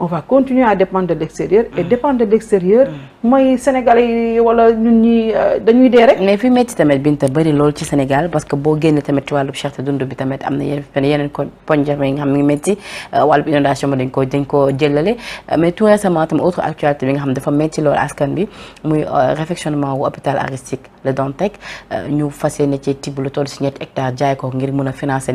on va continuer à dépendre de l'extérieur et mm. dépendre de l'extérieur mm. mooy sénégalais yi wala ñun ñi euh, dañuy dee rek mais fi métti tamit Binta bëri loolu ci Sénégal parce que boo génnee tamit ci wàllu cherté dund bi tamit am na yeneen yeneen poñ jafe yi nga xam ne métti euh, wàllu inondation bi dañ ko dañ ko jëlale euh, mais tout récemment tamit autre actualité bi nga xam dafa métti loolu askan bi muy réfectionnement wu hôpital Aristide Le Dantec ñu fas yéene ci tibb lu toll si ñetti hectares jaay ko nga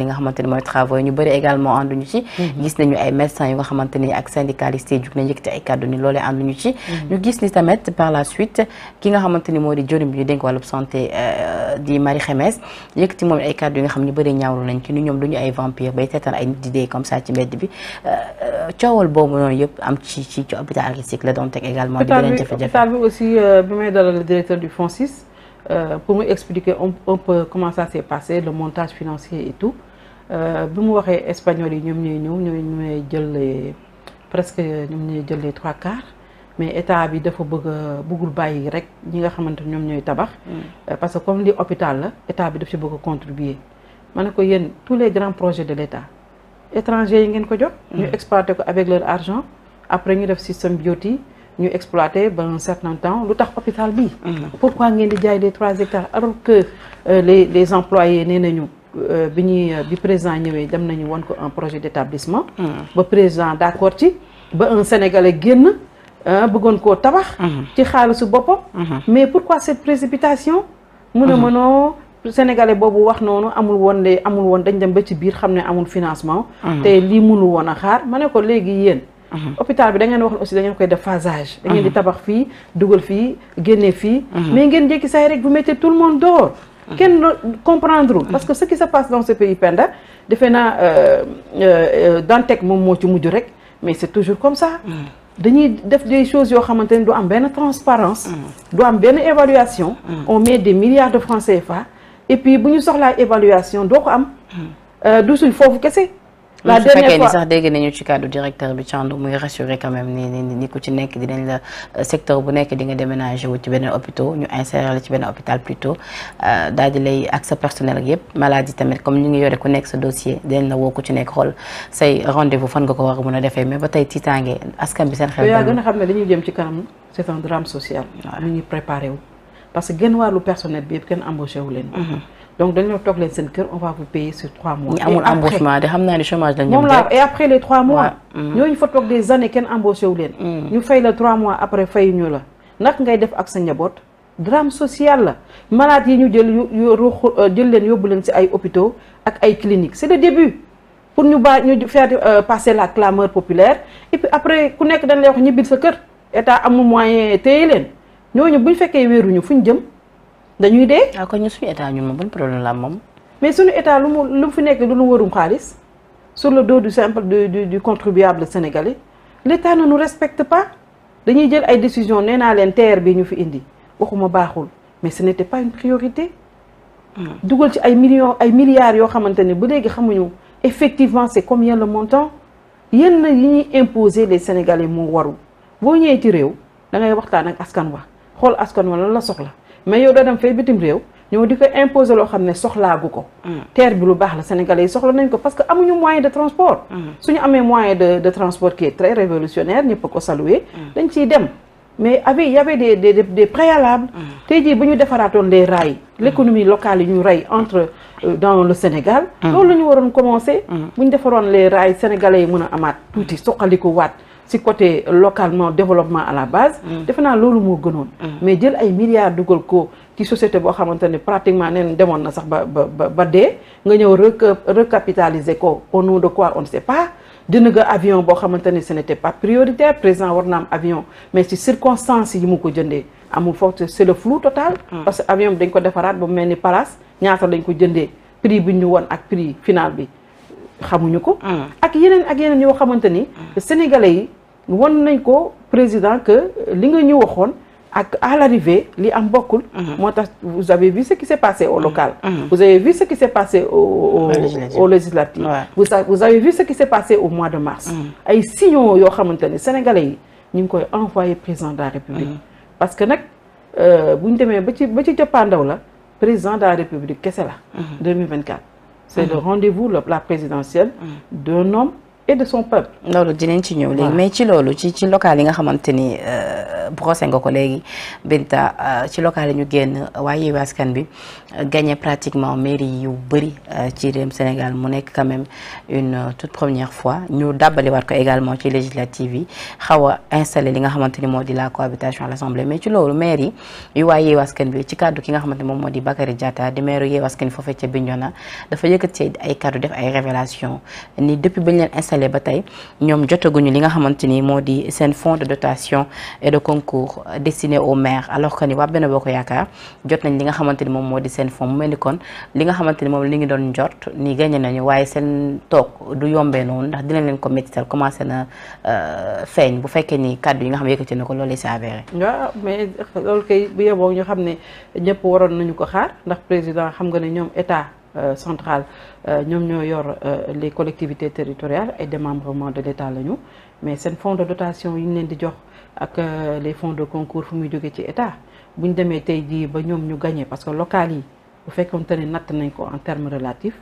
xamante ni mooy travaux yi ñu bëri également ànduñu ci mm-hmm. ni syndicaliste yi jug na njëkkati ay kàddu ni loolee ànduñu ci mm-hmm. ñu gis ni tamit par la suite ki nga xamante ni moo di jëriñ bi ñu dénk wàllub santé euh, di Marie Xemes yëkkati moom ay kàddu nga xam ne ñu ñaawlu nañ ci ni ñoom duñu ay vampire bay teetaan ay nit di dee comme ça ci mbedd bi euh, euh, coowal boobu noonu yëpp am ci ci ci hôpital Aristide Le Dantec également di may dalal directeur du FONSIS pour mu expliquer un, un peu comment ça s'est passé montage financier et tout bi mu waxee presque ñoom ñooy jël les trois quarts mais état bi dafa bëgg a bëggul bàyyi rek ñi nga xamante ne ñoom ñooy tabax. Mm. Euh, parce que comme li hôpital la état bi def ci bëgg contribuer. ma ne ko yéen tous les grands projets de l' état yi ngeen ko jox. Mm. ñu exploité ko avec leur argent après ñu def système bioti ñu exploité ba un certain temps lu tax hôpital bi mm. pourquoi ngeen di jaay les trois hectares alors que euh, les les employés nee nañu. Euh, bi ñuy bi présent ñëwee dem nañu won ko un projet d' établissement. ba ba un sénégalais génn euh, bëggoon ko tabax. Mhm. ci xaalisu boppam. Mhm. mais pourquoi cette précipitation. mu ne ma mhm. noo sénégale boobu wax noonu amul woon de amul woon dañ dem ba ci biir xam ne amul financement. te lii mënu woon a xaar ma ne ko léegi yéen. hôpital bi da ngeen waxoon aussi da koy def phasage. da ngeen di tabax fii dugal fii génne fii. mais ngeen jékki saay rek bu mettez tout le monde dehors. kenn comprendre parce que ce qui se passe dans ce pays Penda defe naa euh, euh, Dantec moom moo ci mujj rek. mais c'est toujours comme ça. Mm. dañuy def des choses yoo xamante ne du am benn transparence mm. du am benn évaluation. Mm. on met des milliards de francs CFA. et puis bu ñu soxlaa évaluation doo ko am. Euh, du suñ foofu kese. la dernière fois su fekkee sax dégg nañu ci kàddu directeur bi Thiandou muy rassuré quand même ni ku ci nekk dinañ la euh, secteur bu nekk di nga déménager wu ci benn hôpital ñu insérer la ci beneen hôpital plutôt euh, daal di lay ak sa personnel ak yëpp maladie tamit comme ñu ngi yore ku nekk sa dossier dinañ la woo ku ci nekk xool say rendez fan nga ko war a mën a defee mais ba tey tiitaange askan bi seen xel. yaa gën a xam ne dañuy jëm ci kanam c'est un drame social. waaw ñu ngi préparé wàllu personnel yëpp kenn wu leen. Mm-hmm. donc dañoo toog leen seen kër on va vous payer sur trois mois. ñu amul embauchement de xam naa ne chômage lañ. moom trois mois. Mm. ñooñu fa toog des années kenn embauché wu leen. Mm. ñu fay la trois mois après fayuñu la nak ngay def ak sa njaboot. drame social la malade yi ñu jël yu euh, jël leen yóbbu leen ci ay hôpitaux ak ay cliniques c'est le début pour ñu ba ñu faire euh, passer la clameur populaire et après ku nekk dañ lay wax ñibbil sa kër état amul moyen téye leen ñooñu bu ñu fekkee wéeruñu fu ñu jëm. dañuy dee. waaw ah, kon ñun suñu état ñun moom ban problème la moom. mais suñu état lu mu lu mu fi nekk lu mu warum xaalis sur le dos du simple du du du contribuable sénégalais l' état ne respecte pas dañuy jël ay décisions nee naa leen TER bi ñu fi indi waxuma baaxul mais ce n' était pas une priorité. Hmm. dugal ci ay millions ay milliards yoo xamante ne ba léegi xamuñu effectivement c' est combien le montant yenn yi ñuy imposer les sénégalais moo warul boo ñëwee ci réew da ngay waxtaan ak askan wa xool askan wa lan la soxla. mais yow doo dem fay bitim réew ñoo di ko loo xam ne soxlaagu ko mm. terre bi lu baax la sénégalais yi soxla nañ ko parce que amuñu moyen de transport mm. suñu amee moyen de de transport qui est très révolutionnaire ñëpp ko saluer mm. dañ ciy dem mais avec y avait des des des préalables tey jii bu ñu defaraatoon les rails l'économie locale yi ñu rey entre euh, dans le Sénégal loolu la ñu waroon commencer bu ñu defaroon les rails sénégalais yi mën a amaat tuuti suqaliku waat ci côté localement développement à la base. Mm. defe naa loolu moo gënoon. Mm. mais jël ay milliards dugal ko ci société boo xamante ne pratiquement neen demoon na sax ba ba ba dee nga ñëw recapitaliser ko au nom de quoi on ne sait pas. jënd nga avion boo xamante ne ce n'était pas prioritaire président war na am avion mais ci circonstances yi mu ko jëndee amul foofu c'est le flou total. Mm. parce que avion dañ ko defaraat ba mu ni palaas ñaata lañ ko jëndee prix bi ñu won ak prix final bi xamuñu ko. ak yeneen ak yoo xamante ni sénégalais yi. won nañ ko président que li nga ñu waxoon ak à l'arrivée li am mhm. moo tax vous avez vu ce qui s'est passé au mhm. local. Mhm. vous avez vu ce qui s'est passé au au au législatif. vous vous avez vu ce qui s'est passé au mois de mars. ay signaux yoo xamante ne sénégalais yi ñu ngi koy envoyé président de la république. parce que nag euh, bu ñu demee ba ci ba ci jëppaandaw la président de la république kese la. 2024 c'est le rendez-vous la présidentielle d'un homme. et de son peuple. loolu dinañ ci ñëw léegi mais ci loolu ci ci yi nga xamante ni euh, nga ko léegi Binta euh, ci local yi ñu génn waaye Yewwi bi Wi euh, gagné pratiquement mairie yu bëri ci réewum Sénégal mu nekk quand même une toute première fois ñu dàbbaliwaat ko également ci législative yi xaw a installé li nga xamante ni moo di la cohabitation à l'Assemblée mais ci loolu mairie yi waaye Yewwi Askan Wi ci kaddu ki nga xamante moom moo di Bakary Diatta di maire Yewwi Askan Wi foofee ca na dafa yëkkati ay kaddu def ay révélation ni depuis bañ leen installé ba tey ñoom jotaguñu li nga xamante ni moo di seen fonds de dotation et de concours destiné aux maires alors que ni waa Benno Bokk Yaakaar jot nañ li nga xamante moom moo di seen fonds mu mel ni kon li nga xamante ni moom li ngi doon jot ni gagné nañu waaye seen toog du yombee noonu ndax dinañ leen ko métital commencé na euh, feeñ bu fekkee ni kàddu yi nga xam yëkkati na ko loolu si avéré waaw mais loolu kay bu yeboo ñu xam ne ñëpp waroon nañu ko Euh, centrale euh, ñoom ñoo yor euh, les collectivités et ay démembrement de l'État lañu mais seen fonds de dotation yi ñu leen di jox ak les fonds de concours fu muy jóge ci État bu ñu demee tey jii ba ñoom ñu gagné parce que local yi bu fekkoon te ne natt nañ ko en terme relatif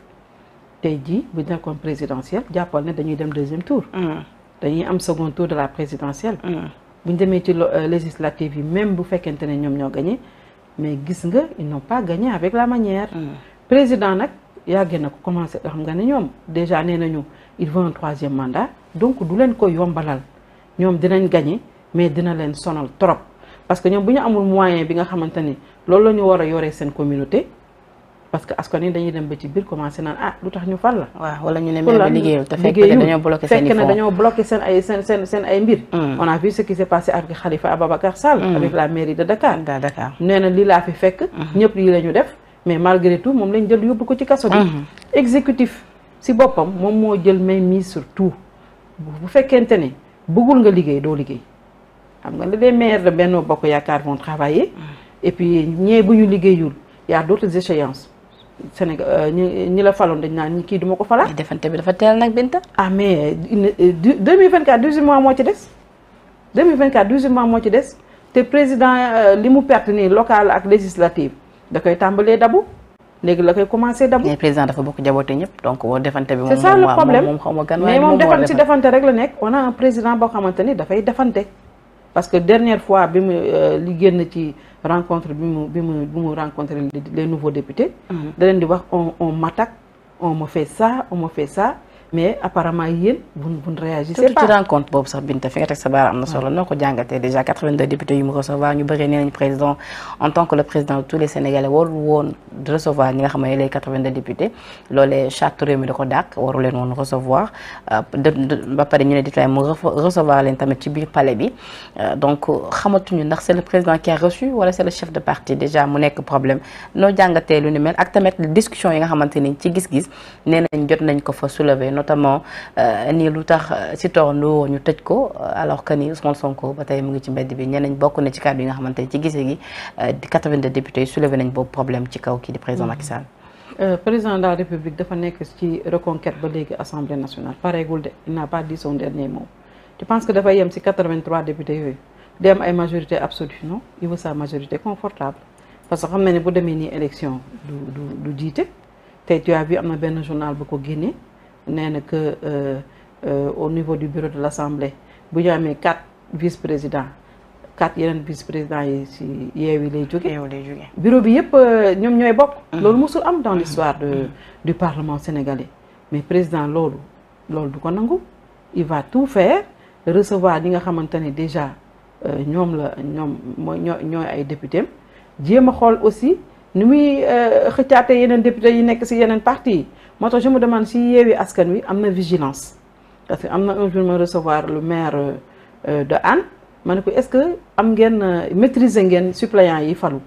tey jii bu nekkoon présidentielle jàppal ne dañuy dem deuxième tour mm. dañuy am second tour de la présidentielle mm. bu ñu demee ci législative yi même bu fekkente ne ñoom ñoo gagné mais gis nga ils n'ont pas président nag yàgg na ko commencé xam nga ne ñoom déjà nee nañu il veut un troisième mandat donc du leen ko yombalal ñoom dinañ gagné mais dina leen sonal trop parce que ñoom bu ñu amul moyen bi nga xamante ni loolu la ñu war a yoree seen communauté parce que askan wi dañuy dem ba ci biir commencé naan ah lu tax ñu fal la. waaw wala ñu ne maire bi liggéeyul te fekk na dañoo bloqué seen i fond fekk na dañoo bloqué seen ay mbir. Mm. on a vu qui s' est passé avec Khalifa Ababacar Sall. Mm. mairie de Dakar. de Dakar nee na lii laa fi fekk. Mm. ñëpp la ñu def. mais malgré tout moom lañ jël yóbbu ko ci kaso bi. Mhm. exécutif si boppam moom moo jël may mise sur tout bu fekkente ni bëggul nga liggéey doo liggéey xam nga les maires de Benno Bokk Yaakaar vont travailler mhm. et puis ñee bu ñu liggéeyul y a d'autres échéances Sénégal euh, ñi ñi la faloon dañ naan ñi kii duma ko falaat. defante bi dafa teel nag Binta. ah mais euh, deux mille vingt quatre douze mois moo ci des deux mille vingt quatre douze mois moo ci des te président euh, li mu perte nii local ak législative. da koy tàmbalee dabu léegi la koy commencé dabu. mais président dafa bokk jaboote ñëpp donc boo defante bi. moom moom c'est ça le problème mais moom defante ci defante rek la nekk. on a un président boo xamante ni dafay defante parce que dernière fois bi mu euh, li na ci rencontre bi mu bi mu bi mu rencontré les nouveaux députés. Mhm. da leen di wax on on m'attaque on me fait ça on ça. mais apparemment yéen buñ buñ réagir. c'est pas ci rencontre boobu sax Binta fi nga teg sa baara am na solo noo ko jàngatee déjà 82 députés yu mu recevoir ñu bëree nee nañ président en tant que députés loolee charte réew mi da ko dàq waru leen woon recevoir euh, ba pare ñu ne député mu recevoir leen tamit ci biir palais bi euh, donc xamatuñu ndax c'est le président qui a reçu wala c'est le chef de parti déjà mu nekk problème noo jàngatee lu ni mel ak notamment euh, nii lu tax euh, Sitor Ndour ñu tëj ko euh, alors que ni Ousmane Sonko ba tey mu ngi ci mbedd bi ñeneen bokk na ci kàddu yi nga xamante ci gise gi 82 députés soulevé nañ boobu problème ci kaw kii di président Macky Sall. président de république dafa nekk ci reconquête ba léegi assemblée nationale pareegul de il n'a pas dit son dernier mot je pense que dafay yem ci 83 députés yooyu di am ay majorité absolue non il veut sa majorité confortable parce que xam na ne bu demee nii nee na euh, euh, au niveau du bureau de l'Assemblée bu ñu amee quatre vice-présidents quatre yeneen vice-présidents yi si yeewi lay jóge bureau bi yëpp euh, ñoom ñooy bokk mm. loolu mosul am dans mm. l'histoire mm. du parlement sénégalais mais président loolu loolu du ko nangu il va tout faire recevoir ñi nga xamante ne déjà ñoom la ñoom mooy ñoo ñooy ay député jéem a xool aussi ni muy euh, xëccaate yeneen député yi nekk si yeneen parti yi moo tax je me demande si yeewi askan wi am na vigilance parce que am na un jour ma recevoir maire euh, de Anne ma ne ko est-ce que am ngeen euh, maîtriser ngeen suppléants yi falu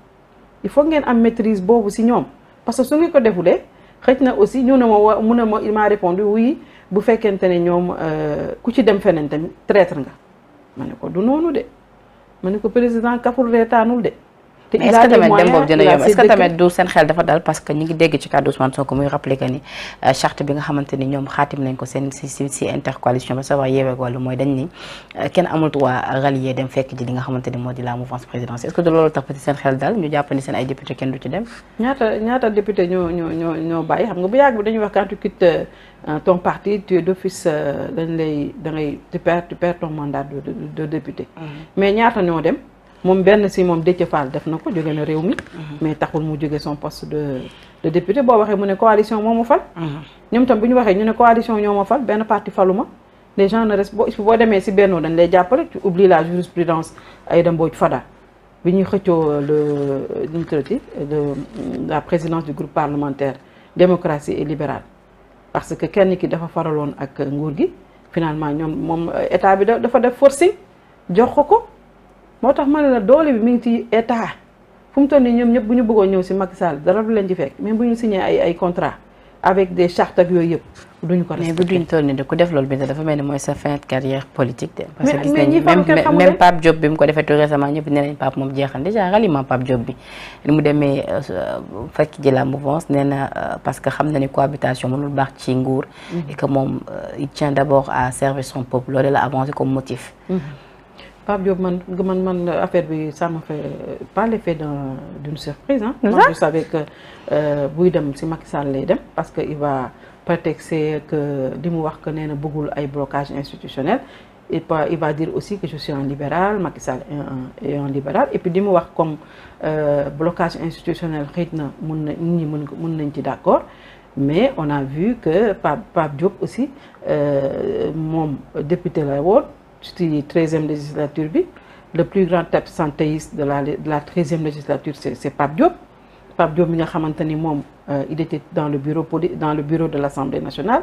il faut ngeen am maitrise boobu si ñoom parce que su ngeen ko defulee xëj na aussi ñu ne ma wa mu ne ma il répondu oui bu fekkente ne ñoom ku ci dem feneen tamit traître nga ma ne ko du noonu de ma ko président kaful reetaanul de te est-ce que tamit dem boobu dina yomb est-ce que tamit du seen xel dafa dal parce que ñu dégg ci kàddu Ousmane euh, seen si si si mooy dañ ni euh, kenn amul droit rallier dem fekk ji li nga xamante ni moo di la mouvance présidentielle est-ce que du loolu tax peut seen xel dal ñu jàpp seen ay député kenn du ci dem ñaata député ñoo bàyyi xam nga bu yàgg bi dañuy wax quand tu euh, ton parti de député mm-hmm. mais ñaata ñoo dem moom benn si moom Déthié Fall def na ko jóge na réew mi. Mhm. mais taxul mu jóge son poste de de député boo waxee mu ne coalition moo ma fal. Mhm. ñoom tam bu ñu waxee ñu ne coalition ñoo ma fal benn parti faluma les gens ne restent boo demee si bennoo dañ lay jàppale tu oublies la jurisprudence Aïda Mbodj Fada bi ñuy xëccoo le nu de la présidence du groupe parlementaire démocratie et libérale parce que kenn ki dafa faraloon ak nguur gi finalement ñoom moom état bi dafa def forcing jox ko ko. moo tax ma ne la doole bi mi ngi ci état fu mu toll nii ñoom ñëpp bu ñu bëggoon ñëw si mag Sall dara du leen ci fekk même bu ñu signé ay ay contrat avec des chartes ak yooyu yëpp duñu ko respecté. mais bu duñ toll nii def loolu bi dafa mel ni mooy sa fin de carrière politique de. parce que gis nañu même bi mu ko defee tout récemment ñëpp nee nañ Pape moom jeexal déjà ralliement Pape Diop bi. li mu demee euh, euh, fekk ji la mouvance nee na euh, parce que xam na ni cohabitation mënul baax ci nguur. Mm-hmm. et moom il tient d' abord à servir son peuple loolu la avancé comme motif. Mm-hmm. Pape Diop man man man affaire bi ça m'a fait pas l'effet d'une surprise ah. moi je savais euh, buy dem si Macky Sall lay dem parce que i va prétexter que li mu wax ko nee na bëggul ay blocage institutionnel et pas il va dire aussi que je suis un libéral Macky Sall est un libéral et puis li mu wax comme euh, blocage institutionnel xëy na mun na nit ñi mun mun nañ ci d'accord mais on a vu que Pape Pape Diop aussi euh, moom député la woon. treisième treizième législature bi le plus grand absentéiste de la de la treizième législature c'est c'est Pape Diop Pape mi nga xamante ni moom euh, il était dans le bureau poli dans le bureau de l'Assemblée nationale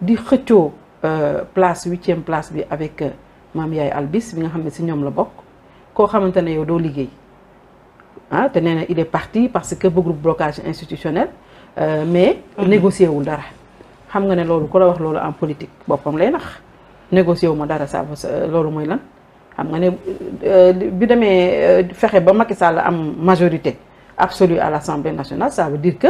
di xëccoo euh, place huitième place bi avec euh, Mame Yaye Albis bi nga xam ne si ñoom la bokk koo xamante ne doo liggéey ah te nee na il est parti parce que bëggul blocage institutionnel mais mm-hmm. négocier wul dara xam nga ne loolu ku la wax loolu en politique boppam lay nax négocié wu ma dara sa euh, loolu mooy lan xam nga ne euh, bi demee euh, fexe ba Macky Sall am majorité absolue à l'Assemblée nationale ça veut dire que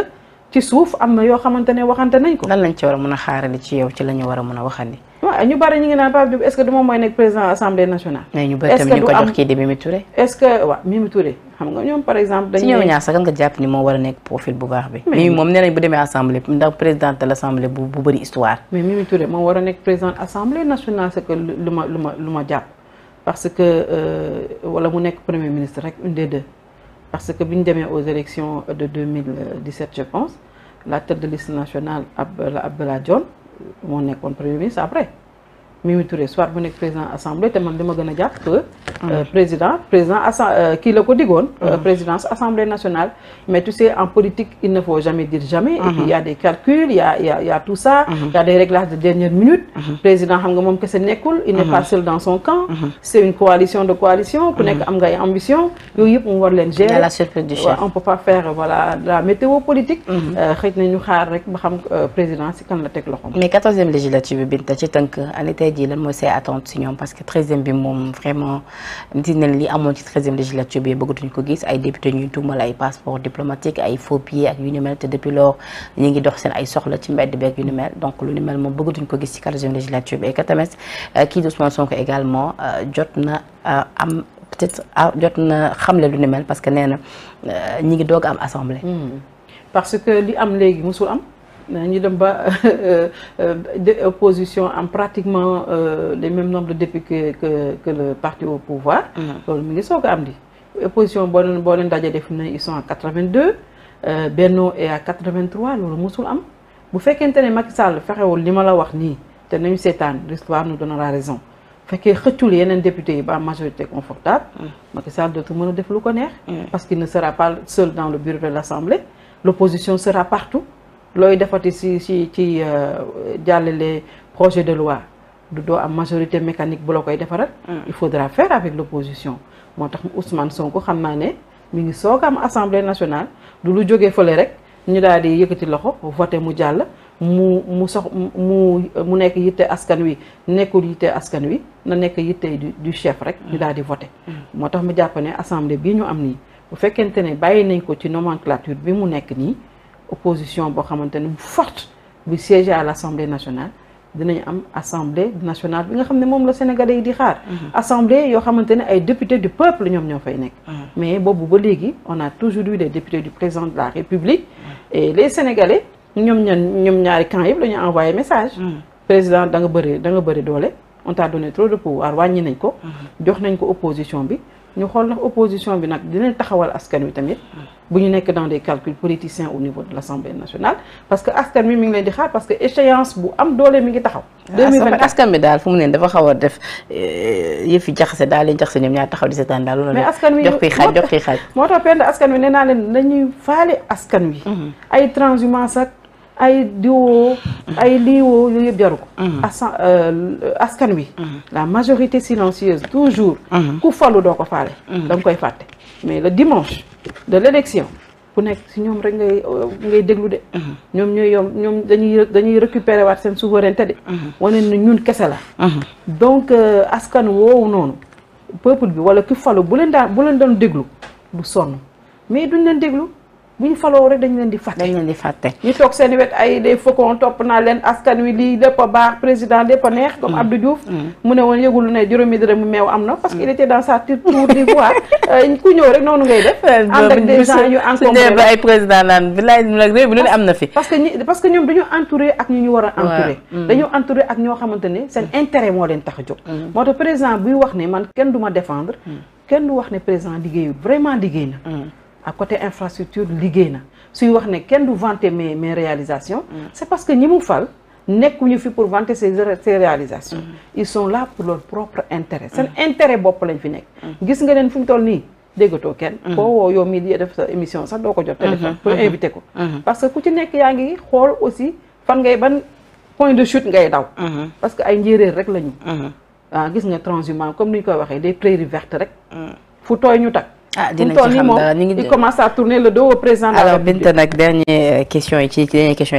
ci suuf am na yoo xamante ne waxante nañ ko. lan lañ ci war a mën a xaarali ci yow ci la ñu war a mën a waxandi. waaw ñu bari ñu ngi naan Pape Diouf est-ce que du moom mooy nekk président assemblée nationale. ñu bari tamit ñu ko jox kii di Mimi Touré. est-ce que waaw Mimi Touré xam nga ñoom par exemple. dañu si ñoom ñaar sax a nekk profil bu baax bi. Mimi moom nee nañ bu demee assemblée ndax présidente de l'assemblée bu bu histoire. mais Mimi Touré moo war nekk président assemblée nationale c'est lu ma lu ma lu ma jàpp parce que euh, wala mu nekk premier ministre rek une de parce que bi ñu demee aux élections de 2017 je pense la tête de liste nationale Abdallah Abdallah Dione. moo nekkoon premier ministre après mi Touré soit mu nekk président assemblée te man dama gën a jàpp que euh, ah président président assa euh, kii la ko digoon euh, ah présidence assemblée nationale mais tu sais en politique il ne faut jamais dire jamais et puis ah il y a des calculs il y a il y a il y a tout ça il y a des réglages de dernière minute président xam nekkul il n'est pas seul dans son camp c'est une coalition de coalition ku nekk am ngay ambition yooyu yëpp mu war leen gérer la surprise du chef on peut pas faire voilà la météo politique xëy nañu xaar rek ba xam président si kan la teg loxoom mais tey jii lan mooy say attente si ñoom parce que treizième bi moom vraiment dina li amoon ci treizième législature bi bëggatuñ ko gis ay député ñuy tuumal ay passeport diplomatique ay faux ak yu ni mel te depuis ñu ngi dox seen ay soxla ci mbedd beeg yu ni mel donc lu ni mel moom bëggatuñ ko gis ci quatorzième législature bi et que tamit euh, kii di Ousmane également euh, jot na euh, am ah, jot na xamle lu ni mel parce que nee na ñi ngi doog am assemblée. Hmm. parce que li am ñu dem ba euh, euh, opposition am pratiquement euh, les mêmes nombres de députés que que que le parti au pouvoir. Mm-hmm. loolu mi ngi soog am di. opposition boo leen boo leen dajalee fi mu ne ils sont à 82 Benno est à 83 mosul am bu fekkente ne Macky Sall fexewul li ma la wax nii te nañu seetaan l'histoire nous donnera raison. fekkee xëccul yeneen député yi ba am majorité confortable mm. Macky Sall dootu mën a def lu ko neex mm. parce qu'il ne sera pas seul dans le bureau de l'Assemblée l'opposition sera partout looy defati si si ci euh, jàllale projet de loi du doo am majorité mécanique bu la koy defaral. Mm. il faudra faire avec l' moo tax Ousmane Sonko xam naa ne mi ngi soog am assemblée nationale du lu jóge fële rek ñu daal di yëkkati loxo voté mu jàll mu mu sox mu mu nekk yitte askan wi nekkul yitte askan wi na nekk yitte du chef rek. ñu mm. daal di voté. Mm. moo tax mu jàpp ne assemblée bii ñu am nii bu fekkente ne bàyyi nañ ko ci nomenclature bi mu nekk nii. opposition boo xamante ne forte bu siéger à l'Assemblée nationale dinañ am assemblée nationale bi nga xam ne moom la Sénégalais yi di xaar. Mhm. assemblée yoo xamante ne ay députés du peuple ñoom ñoo fay nekk. Ah. mais boobu ba léegi on a toujours eu des députés du président de la République. et les Sénégalais ñoom ñan ñoom ñaari camp yëpp la ñu envoyé message. Mm. président danga nga bëri da bëri doole on t'a donné trop de pouvoir wàññi nañ ko. Mm-hmm. jox nañ ko opposition bi. ñu xool ndax opposition bi nag dinañ taxawal askan wi tamit bu ñu nekk dans des calculs politiciens au niveau de l' assemblée nationale parce que askan wi mi ngi leen di xaar parce que échéance bu am doole mi ngi taxaw. Ah, askan bi daal fu mu ne dafa xaw a def eh, yëf jaxase daal leen jaxase ñoom ñaar taxaw di seetaan daal loolu. mais askan jox kii xaaj jox kii xaaj. moo tax pend askan wi nee leen nañuy faale askan wi. Mm-hmm. ay transhumance ak. ay diwoo ay liiwoo yooyu yëpp jaru ko mhm. asan euh, askan wi mhm. la majorité silencieuse toujours mhm. ku falu doo ko faale da nga koy fàtte mais le dimanche de l'élection ku nekk si ñoom rek ngay euh, ngay déglu de ñoom ñooy yom ñoom dañuy dañuy récupérer waat seen souveraineté de wane na ñun kese la donc euh, askan woowu noonu peuple bi wala ku falu bu leen daan bu leen doon déglu bu sonn mais duñ leen déglu bu ñu faloo rek dañ leen di fàtte. dañ leen di fàtte. ñu toog seen wet ay des faucons topp naa leen askan wi lii lépp a baax président lépp a neex. comme mm. Abdou Diouf. Mm. mu ne woon yëgul ne juróomi dërëm mu meew am na. parce que il mm. euh, noonu ngay euh, président naan am na fi. parce que ñi parce que ñoom dañu entouré ak ñu ñu war a. entouré dañu entouré ak ñoo xamante ne seen intérêt moo leen tax a moo tax président buy wax ne man kenn du ma défendre. kenn du wax ne président liggéeyul vraiment liggéey na à côté infrastructure liggéey na suy wax ne kenn du vanter mes mes réalisation mm. c'est parce que ñi mu fal nekkuñu fi pour vanter ses ses réalisations mm. ils sont là pour leur propre intérêt seen mm. intérêt bopp lañ fi nekk gis nga leen fu mu toll nii déggatoo kenn koo woo yow mii di def sa émission sax doo ko jot téléphone mm-hmm. pour mm-hmm. inviter ko mm-hmm. parce que ku ci nekk yaa ngi xool aussi fan ngay ban point de chute ngay daw parce que ay njéeréer rek la ñu waaw ah, gis nga transhumance comme ni ñu koy waxee des prairies vertes rek fu tooy ñu tak ah dinañ ci xam dara ngi toll nii moom il commence à tourner le dos au président. alors Binta nag dernier question yi ci dernier question